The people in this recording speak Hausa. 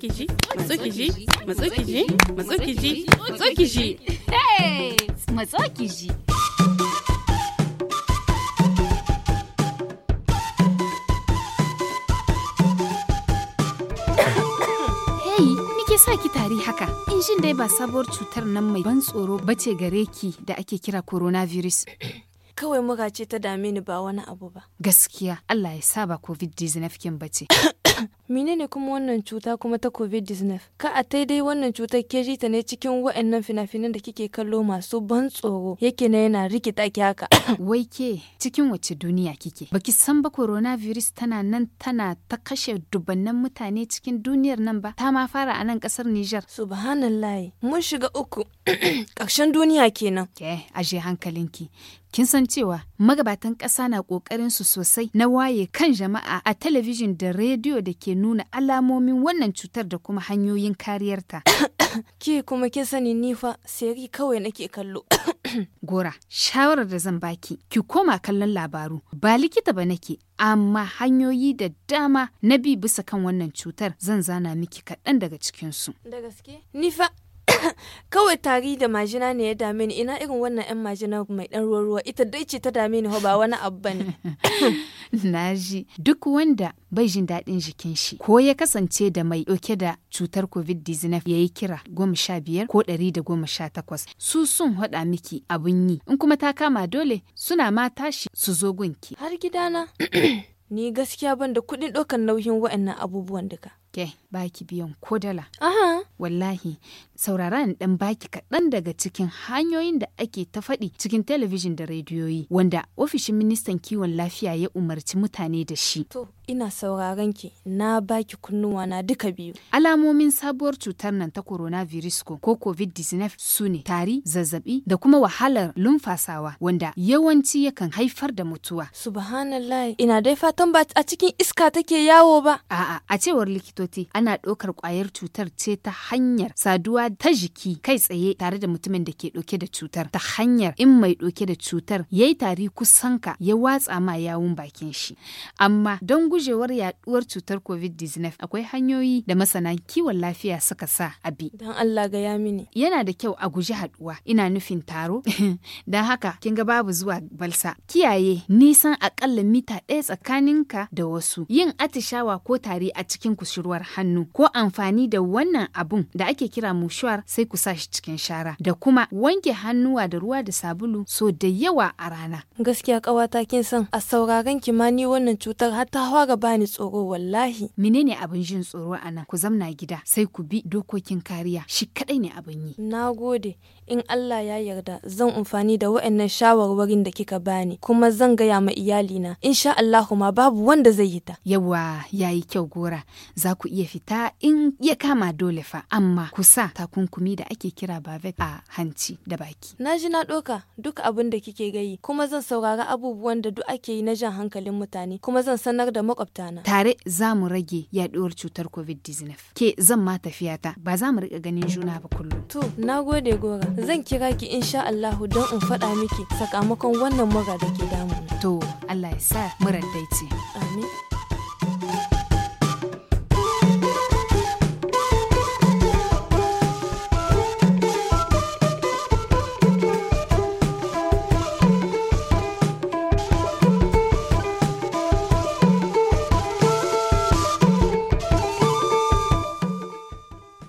matsukiji matsukiji matsukiji sa ki tari haka in shin dai ba sabuwar cutar nan mai ban tsoro bace gare ki da ake kira coronavirus kawai muka ce ta dame ni ba wani abu ba gaskiya Allah ya saba ba covid-19 bace menene kuma wannan cuta kuma ta covid-19 ka a taidai wannan cutar ke ta ne cikin wa'annan fina-finan da kike kallo masu ban tsoro yake na yana rikita ki haka wai ke cikin wace duniya kike baki san ba virus tana nan tana ta kashe dubannan mutane cikin duniyar nan ba ta ma fara a nan kasar Niger subhanallahi mun shiga uku ƙarshen duniya kenan ke aje hankalinki kin san cewa magabatan ƙasa na ƙoƙarin su sosai na waye kan jama'a a talabijin da rediyo da ke nuna alamomin wannan cutar da kuma hanyoyin kariyarta. ke kuma ki sani nifa sai kawai nake kallo. Gora, shawarar da zan baki, ki koma kallon labaru. Ba likita ba nake, amma hanyoyi da dama na bi bisa kan wannan cutar zan zana miki kaɗan daga cikinsu. Da gaske? Nifa, kawai tari da majina ne ya dame ni ina irin wannan yan majina mai dan ruwa ruwa ita dai ce ta dame ni ho ba wani abu bane naji duk wanda bai jin daɗin jikin shi ko ya kasance da mai ɗauke da cutar covid-19 ya yi kira goma sha biyar ko ɗari da goma sha takwas su sun haɗa miki abun yi in kuma ta kama dole suna ma tashi su zo gunki har gidana ni gaskiya ban da kuɗin ɗaukan nauyin wa'annan abubuwan duka ke baki biyan ko dala aha wallahi sauraron dan baki kaɗan daga cikin hanyoyin da ake ta faɗi cikin talabijin da rediyoyi wanda ofishin ministan kiwon lafiya ya umarci mutane da shi. To ina sauraron ki na baki kunnuwa na duka biyu. Alamomin sabuwar cutar nan ta Corona virus ko covid-19 su ne tari, zazzabi da kuma wahalar lumfasawa wanda yawanci yakan haifar da mutuwa. Subhanallah ina dai fatan ba a cikin iska take yawo ba. A'a a cewar likitoci ana ɗaukar ƙwayar cutar ce ta hanyar saduwa ta jiki kai tsaye tare da mutumin da ke ɗauke da cutar ta hanyar in mai ɗauke da cutar ya yi tari kusan ka ya watsa ma yawun bakin shi amma don gujewar yaduwar cutar covid-19 akwai hanyoyi da masana kiwon lafiya suka sa a bi don Allah ga ya mini yana da kyau a guji haduwa ina nufin taro don haka kin ga babu zuwa balsa kiyaye nisan akalla mita ɗaya ka da wasu yin atishawa ko tari a cikin kusurwar hannu ko amfani da wannan abun abun da ake kira mushuwar sai ku sa shi cikin shara da kuma wanke hannuwa da ruwa da sabulu so da yawa a rana. Gaskiya kawata kin san a sauraron kimani wannan cutar har ta fara ni tsoro wallahi. Menene abin jin tsoro a nan ku zamna gida sai ku bi dokokin kariya shi kadai ne abin yi. Na gode in Allah ya yarda zan amfani da waɗannan shawarwarin da kika bani kuma zan gaya ma iyalina insha Allahu ma babu wanda zai yi ta. Yawa yayi kyau gora za ku iya fita in ya kama dole fa amma kusa takunkumi da ake kira bavet a hanci da baki. Na ji na ɗoka duk abin da kike gayi kuma zan saurari abubuwan da duk ake yi na jan hankalin mutane kuma zan sanar da makwabtana. Tare za mu rage yaɗuwar cutar COVID-19. Ke zan ma tafiya ta ba za mu riƙa ganin juna ba kullum. To, na gode gora. Zan kira ki insha Allahu don in faɗa miki sakamakon wannan mura da ke damu. To, Allah ya sa murar daice. Amin.